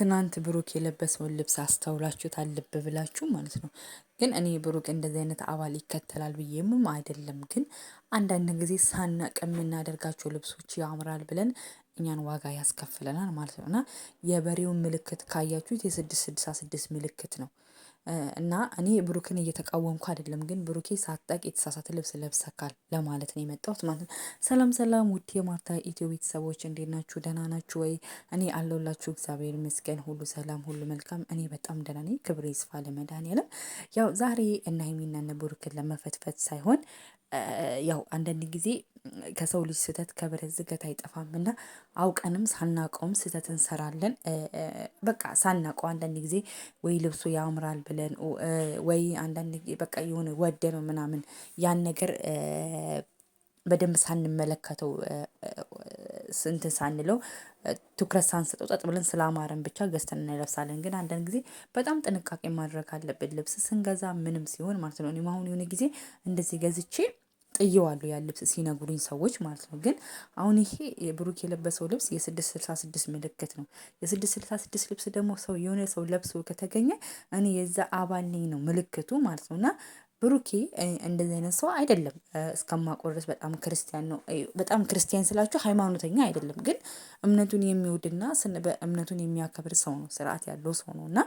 ትናንት ብሩክ የለበሰውን ልብስ አስተውላችሁት አለብ ብላችሁ ማለት ነው። ግን እኔ ብሩክ እንደዚህ አይነት አባል ይከተላል ብዬምም አይደለም። ግን አንዳንድ ጊዜ ሳናቅ የምናደርጋቸው ልብሶች ያምራል ብለን እኛን ዋጋ ያስከፍለናል ማለት ነው እና የበሬውን ምልክት ካያችሁት የስድስት ስድሳ ስድስት ምልክት ነው እና እኔ ብሩክን እየተቃወምኩ አይደለም፣ ግን ብሩኬ ሳጠቅ የተሳሳተ ልብስ ለብሰካል ለማለት ነው የመጣሁት ማለት ነው። ሰላም ሰላም፣ ውድ የማርታ ኢትዮ ቤተሰቦች እንዴት ናችሁ? ደህና ናችሁ ወይ? እኔ አለሁላችሁ። እግዚአብሔር ይመስገን፣ ሁሉ ሰላም፣ ሁሉ መልካም። እኔ በጣም ደህና ነኝ። ክብር ይስፋ ለመድኃኔዓለም። ያው ዛሬ እና የሚናነ ብሩክን ለመፈትፈት ሳይሆን ያው አንዳንድ ጊዜ ከሰው ልጅ ስህተት ከብረት ዝገት አይጠፋም እና አውቀንም ሳናቀውም ስህተት እንሰራለን። በቃ ሳናቀው አንዳንድ ጊዜ ወይ ልብሱ ያምራል ብለን ወይ አንዳንድ በቃ የሆነ ነው ምናምን ያን ነገር በደንብ ሳንመለከተው እንትን ሳንለው ትኩረት ሳንሰጠው ጠጥ ብለን ስላማረን ብቻ ገዝተን እንለብሳለን። ግን አንዳንድ ጊዜ በጣም ጥንቃቄ ማድረግ አለብን ልብስ ስንገዛ ምንም ሲሆን ማለት ነው። እኔም አሁን የሆነ ጊዜ እንደዚህ ገዝቼ ጥየዋለሁ ያ ልብስ ሲነግሩኝ ሰዎች ማለት ነው። ግን አሁን ይሄ ብሩክ የለበሰው ልብስ የስድስት ስልሳ ስድስት ምልክት ነው። የስድስት ስልሳ ስድስት ልብስ ደግሞ ሰው የሆነ ሰው ለብሶ ከተገኘ እኔ የዛ አባል ነኝ ነው ምልክቱ ማለት ነው እና ብሩኬ እንደዚህ አይነት ሰው አይደለም። እስከማውቀው በጣም ክርስቲያን ነው። በጣም ክርስቲያን ስላችሁ ሃይማኖተኛ አይደለም፣ ግን እምነቱን የሚወድና እምነቱን የሚያከብር ሰው ነው። ስርዓት ያለው ሰው ነው እና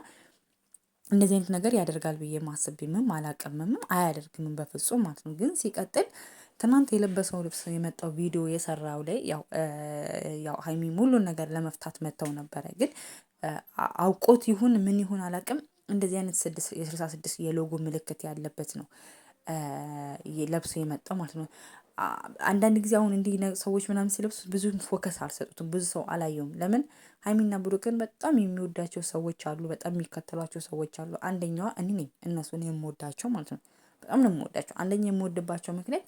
እንደዚህ አይነት ነገር ያደርጋል ብዬ ማስቤምም አላቅምምም አያደርግምም በፍጹም ማለት ነው። ግን ሲቀጥል ትናንት የለበሰው ልብስ የመጣው ቪዲዮ የሰራው ላይ ያው ሀይሚ ሙሉን ነገር ለመፍታት መጥተው ነበረ። ግን አውቆት ይሁን ምን ይሁን አላቅም እንደዚህ አይነት የስልሳ ስድስት የሎጎ ምልክት ያለበት ነው ለብሶ የመጣው ማለት ነው። አንዳንድ ጊዜ አሁን እንዲህ ሰዎች ምናምን ሲለብሱ ብዙ ፎከስ አልሰጡትም። ብዙ ሰው አላየውም። ለምን ሀይሚና ብሩክን በጣም የሚወዳቸው ሰዎች አሉ። በጣም የሚከተሏቸው ሰዎች አሉ። አንደኛዋ እኔ ነኝ። እነሱን የምወዳቸው ማለት ነው። በጣም ነው የምወዳቸው። አንደኛ የምወድባቸው ምክንያት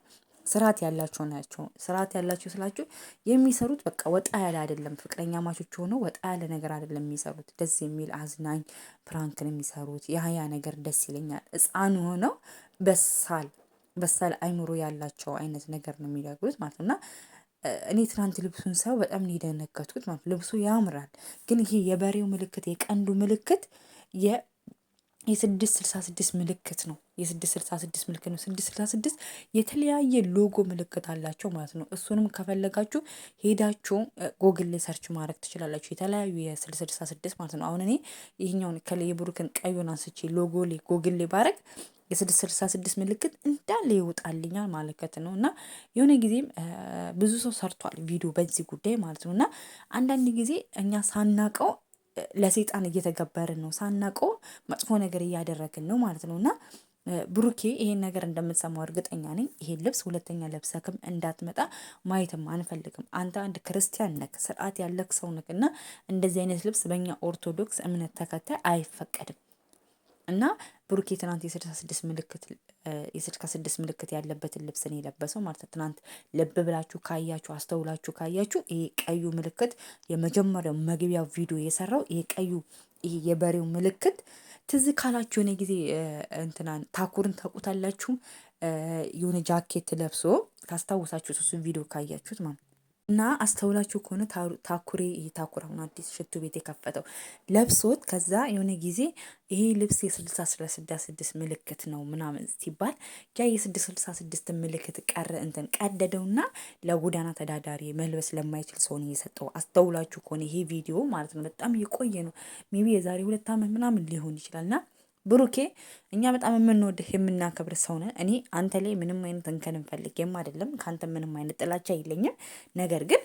ስርዓት ያላቸው ናቸው። ስርዓት ያላቸው ስላቸው የሚሰሩት በቃ ወጣ ያለ አይደለም። ፍቅረኛ ማቾች ሆነው ወጣ ያለ ነገር አይደለም የሚሰሩት። ደስ የሚል አዝናኝ ፕራንክን የሚሰሩት የሀያ ነገር ደስ ይለኛል። ሕፃን ሆነው በሳል በሳል አይምሮ ያላቸው አይነት ነገር ነው የሚለብሱት ማለት ነው እና እኔ ትናንት ልብሱን ሳየው በጣም ነው የደነገጥኩት ማለት ነው። ልብሱ ያምራል፣ ግን ይሄ የበሬው ምልክት የቀንዱ ምልክት የስድስት ስልሳ ስድስት ምልክት ነው። የስድስት ስልሳ ስድስት ምልክት ነው። ስድስት ስልሳ ስድስት የተለያየ ሎጎ ምልክት አላቸው ማለት ነው። እሱንም ከፈለጋችሁ ሄዳችሁ ጎግል ላይ ሰርች ማድረግ ትችላላችሁ። የተለያዩ የስድስት ስልሳ ስድስት ማለት ነው። አሁን እኔ ይህኛውን ከላይ የብሩክን ቀዩን አንስቼ ሎጎ ላይ ጎግል ላይ ባረግ የስድስት ስልሳ ስድስት ምልክት እንዳለ ይወጣልኛል ማለት ነው። እና የሆነ ጊዜም ብዙ ሰው ሰርቷል ቪዲዮ በዚህ ጉዳይ ማለት ነው። እና አንዳንድ ጊዜ እኛ ሳናቀው ለሰይጣን እየተገበርን ነው፣ ሳናቀው መጥፎ ነገር እያደረግን ነው ማለት ነው እና ብሩኬ ይሄን ነገር እንደምትሰማው እርግጠኛ ነኝ። ይሄን ልብስ ሁለተኛ ለብሰክም እንዳትመጣ ማየትም አንፈልግም። አንተ አንድ ክርስቲያን ነክ ስርዓት ያለክ ሰው ነክ እና እንደዚህ አይነት ልብስ በእኛ ኦርቶዶክስ እምነት ተከታይ አይፈቀድም። እና ብሩኬ ትናንት የስድሳ ስድስት ምልክት የስድሳ ስድስት ምልክት ያለበትን ልብስን የለበሰው ማለት ነው። ትናንት ልብ ብላችሁ ካያችሁ አስተውላችሁ ካያችሁ ይሄ ቀዩ ምልክት የመጀመሪያው መግቢያው ቪዲዮ የሰራው ይሄ ቀዩ ይሄ የበሬው ምልክት ትዝ ካላችሁ የሆነ ጊዜ እንትናን ታኩርን ታውቁታላችሁ። የሆነ ጃኬት ለብሶ ታስታውሳችሁት እሱ ቪዲዮ ካያችሁት ማለት እና አስተውላችሁ ከሆነ ታኩሬ ታኩር አሁን አዲስ ሽቱ ቤት የከፈተው ለብሶት ከዛ የሆነ ጊዜ ይሄ ልብስ የስልሳ ስልሳ ስድስት ምልክት ነው ምናምን ሲባል ያ የስድስት ስልሳ ስድስት ምልክት ቀረ እንትን ቀደደውና ለጎዳና ተዳዳሪ መልበስ ለማይችል ሰው ነው የሰጠው። አስተውላችሁ ከሆነ ይሄ ቪዲዮ ማለት ነው በጣም የቆየ ነው ሜቢ የዛሬ ሁለት ዓመት ምናምን ሊሆን ይችላል ይችላልና ብሩኬ እኛ በጣም የምንወድህ የምናከብር ሰው ነን። እኔ አንተ ላይ ምንም አይነት እንከን እንፈልግም አይደለም። ከአንተ ምንም አይነት ጥላቻ የለኝም። ነገር ግን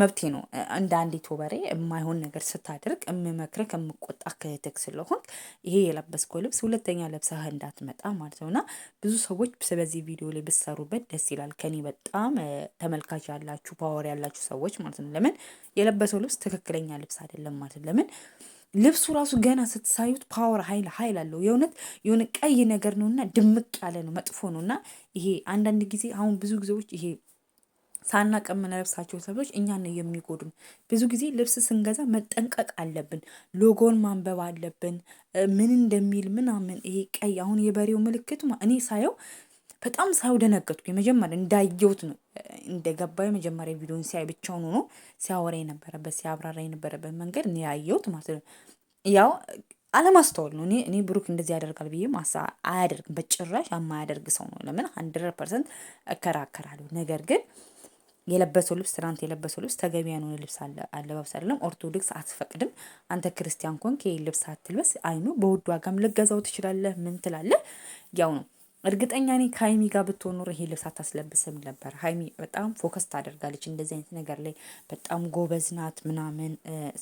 መብቴ ነው እንደ አንዲት ወበሬ የማይሆን ነገር ስታደርግ የምመክርህ የምቆጣ ክህትክ ስለሆን ይሄ የለበስከው ልብስ ሁለተኛ ለብሰህ እንዳትመጣ ማለት ነውና ብዙ ሰዎች በዚህ ቪዲዮ ላይ ብሰሩበት ደስ ይላል። ከኔ በጣም ተመልካች ያላችሁ ፓወር ያላችሁ ሰዎች ማለት ነው። ለምን የለበሰው ልብስ ትክክለኛ ልብስ አይደለም ማለት ነው። ለምን ልብሱ ራሱ ገና ስትሳዩት ፓወር ሀይል ሀይል አለው። የእውነት የሆነ ቀይ ነገር ነው እና ድምቅ ያለ ነው፣ መጥፎ ነው እና ይሄ አንዳንድ ጊዜ አሁን ብዙ ጊዜዎች ይሄ ሳና ሳናቅ ለብሳቸው ሰብሎች እኛ ነው የሚጎዱን። ብዙ ጊዜ ልብስ ስንገዛ መጠንቀቅ አለብን። ሎጎን ማንበብ አለብን፣ ምን እንደሚል ምናምን። ይሄ ቀይ አሁን የበሬው ምልክት እኔ ሳየው በጣም ሳይው ደነገጥኩ። የመጀመሪያ እንዳየሁት ነው እንደገባ የመጀመሪያ ቪዲዮን ሲያይ ብቻውን ሆኖ ሲያወራ የነበረበት ሲያብራራ የነበረበት መንገድ እኔ ያየሁት ማለት ነው። ያው አለማስተዋል ነው። እኔ እኔ ብሩክ እንደዚህ ያደርጋል ብዬ ማሳ አያደርግም። በጭራሽ የማያደርግ ሰው ነው። ለምን ሀንድረድ ፐርሰንት እከራከራለሁ። ነገር ግን የለበሰው ልብስ ትናንት የለበሰው ልብስ ተገቢ ያልሆነ ልብስ አለባበስ አይደለም። ኦርቶዶክስ አትፈቅድም። አንተ ክርስቲያን ኮንክ ልብስ አትልበስ። አይኑ በውድ ዋጋም ልገዛው ትችላለህ። ምን ትላለህ? ያው ነው እርግጠኛ እኔ ከሀይሚ ጋር ብትሆን ኖሮ ይሄ ልብስ አታስለብስም ነበር። ሀይሚ በጣም ፎከስ ታደርጋለች እንደዚህ አይነት ነገር ላይ በጣም ጎበዝ ናት ምናምን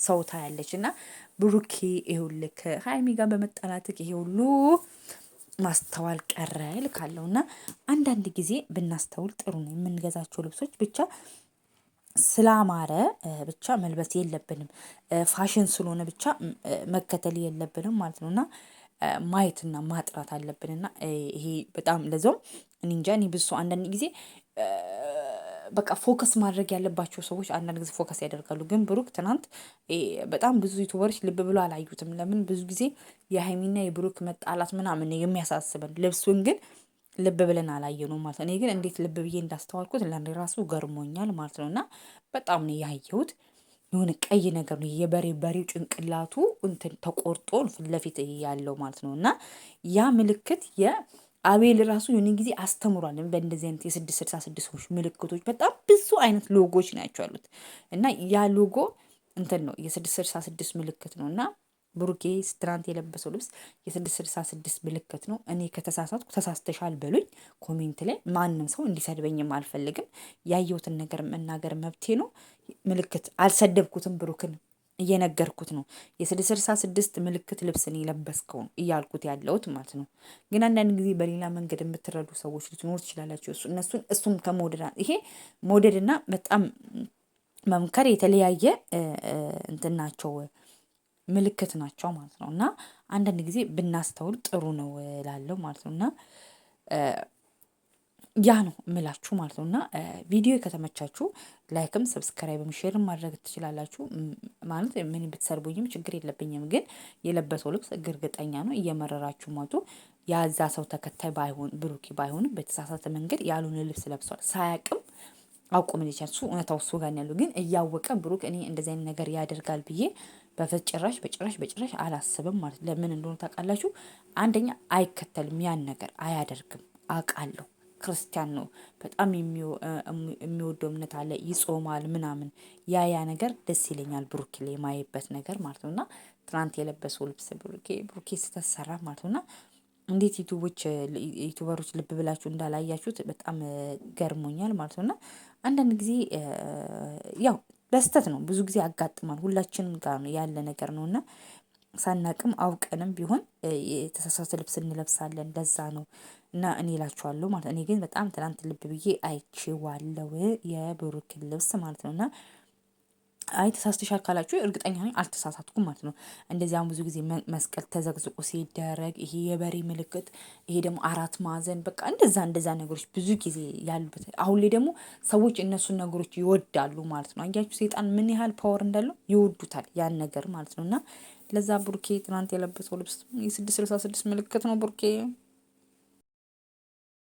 ሰው ታያለች። እና ብሩኬ ይሁልክ ሀይሚ ጋር በመጣላትህ ይሄ ሁሉ ማስተዋል ቀረ እልካለሁ። እና አንዳንድ ጊዜ ብናስተውል ጥሩ ነው። የምንገዛቸው ልብሶች ብቻ ስላማረ ብቻ መልበስ የለብንም። ፋሽን ስለሆነ ብቻ መከተል የለብንም ማለት ነው እና ማየትና ማጥራት አለብን። እና ይሄ በጣም ለዛውም እኔ እንጃ እኔ አንዳንድ ጊዜ በቃ ፎከስ ማድረግ ያለባቸው ሰዎች አንዳንድ ጊዜ ፎከስ ያደርጋሉ። ግን ብሩክ ትናንት በጣም ብዙ ዩቱበሮች ልብ ብሎ አላዩትም። ለምን ብዙ ጊዜ የሃይሚና የብሩክ መጣላት ምናምን የሚያሳስበን ልብሱን ግን ልብ ብለን ነው ማለት ነው። እኔ ግን እንዴት ልብ ብዬ እንዳስተዋልኩት ለእኔ ራሱ ገርሞኛል ማለት ነው። እና በጣም ነው ያየሁት የሆነ ቀይ ነገር ነው የበሬ በሬው ጭንቅላቱ እንትን ተቆርጦ ፊት ለፊት ያለው ማለት ነው። እና ያ ምልክት የአቤል ራሱ የሆነ ጊዜ አስተምሯል። በእንደዚህ አይነት የስድስት ስልሳ ስድስቶች ምልክቶች በጣም ብዙ አይነት ሎጎች ናቸው ያሉት እና ያ ሎጎ እንትን ነው የስድስት ስድሳ ስድስት ምልክት ነው እና ብሩኬ ትናንት የለበሰው ልብስ የስድስት ስልሳ ስድስት ምልክት ነው። እኔ ከተሳሳትኩ ተሳስተሻል በሉኝ ኮሜንት ላይ። ማንም ሰው እንዲሰድበኝም አልፈልግም። ያየሁትን ነገር መናገር መብቴ ነው። ምልክት አልሰደብኩትም ብሩክን እየነገርኩት ነው። የስድስት ስልሳ ስድስት ምልክት ልብስን የለበስከውን እያልኩት ያለሁት ማለት ነው። ግን አንዳንድ ጊዜ በሌላ መንገድ የምትረዱ ሰዎች ልትኖሩ ትችላላችሁ። እነሱን እሱም ከመውደድ ይሄ መውደድና በጣም መምከር የተለያየ እንትን ናቸው። ምልክት ናቸው ማለት ነው። እና አንዳንድ ጊዜ ብናስተውል ጥሩ ነው ላለው ማለት ነው። እና ያ ነው ምላችሁ ማለት ነው። እና ቪዲዮ ከተመቻችሁ ላይክም ሰብስክራይብም ሼርም ማድረግ ትችላላችሁ። ማለት ምን ብትሰርቡኝም ችግር የለብኝም። ግን የለበሰው ልብስ እርግጠኛ ነው እየመረራችሁ ሞቱ ያዛ ሰው ተከታይ ባይሆን ብሩኪ ባይሆንም በተሳሳተ መንገድ ያሉን ልብስ ለብሷል ሳያቅም አውቆ ምን ይችላል እሱ እውነታው እሱ ጋር ያሉ ግን እያወቀ ብሩክ እኔ እንደዚህ አይነት ነገር ያደርጋል ብዬ በጭራሽ በጭራሽ በጭራሽ አላስብም ማለት ለምን እንደሆነ ታውቃላችሁ? አንደኛ አይከተልም፣ ያን ነገር አያደርግም። አውቃለሁ። ክርስቲያን ነው፣ በጣም የሚወደው እምነት አለ፣ ይጾማል ምናምን። ያ ያ ነገር ደስ ይለኛል፣ ብሩኬ ላይ የማየበት ነገር ማለት ነው። እና ትናንት የለበሰው ልብስ ብሩኬ ብሩኬ ስተሰራ ማለት ነው እና እንዴት ዩቱቦች ዩቱበሮች ልብ ብላችሁ እንዳላያችሁት በጣም ገርሞኛል ማለት ነው እና አንዳንድ ጊዜ ያው በስተት ነው ብዙ ጊዜ ያጋጥማል። ሁላችንም ጋር ነው ያለ ነገር ነው እና ሳናቅም አውቀንም ቢሆን የተሳሳተ ልብስ እንለብሳለን። ለዛ ነው እና እኔ እላችኋለሁ ማለት እኔ ግን በጣም ትናንት ልብ ብዬ አይቼዋለሁ የብሩክን ልብስ ማለት ነው እና አይ ተሳስተሻል ካላችሁ እርግጠኛ ነኝ አልተሳሳትኩም ማለት ነው። እንደዚያም ብዙ ጊዜ መስቀል ተዘቅዝቆ ሲደረግ ይሄ የበሬ ምልክት፣ ይሄ ደግሞ አራት ማዕዘን በቃ እንደዛ እንደዛ ነገሮች ብዙ ጊዜ ያሉበት። አሁን ላይ ደግሞ ሰዎች እነሱን ነገሮች ይወዳሉ ማለት ነው። አያችሁ ሴጣን ምን ያህል ፓወር እንዳለው ይወዱታል ያን ነገር ማለት ነው። እና ለዛ ቡርኬ ትናንት የለበሰው ልብስ የስድስት ስልሳ ስድስት ምልክት ነው ቡርኬ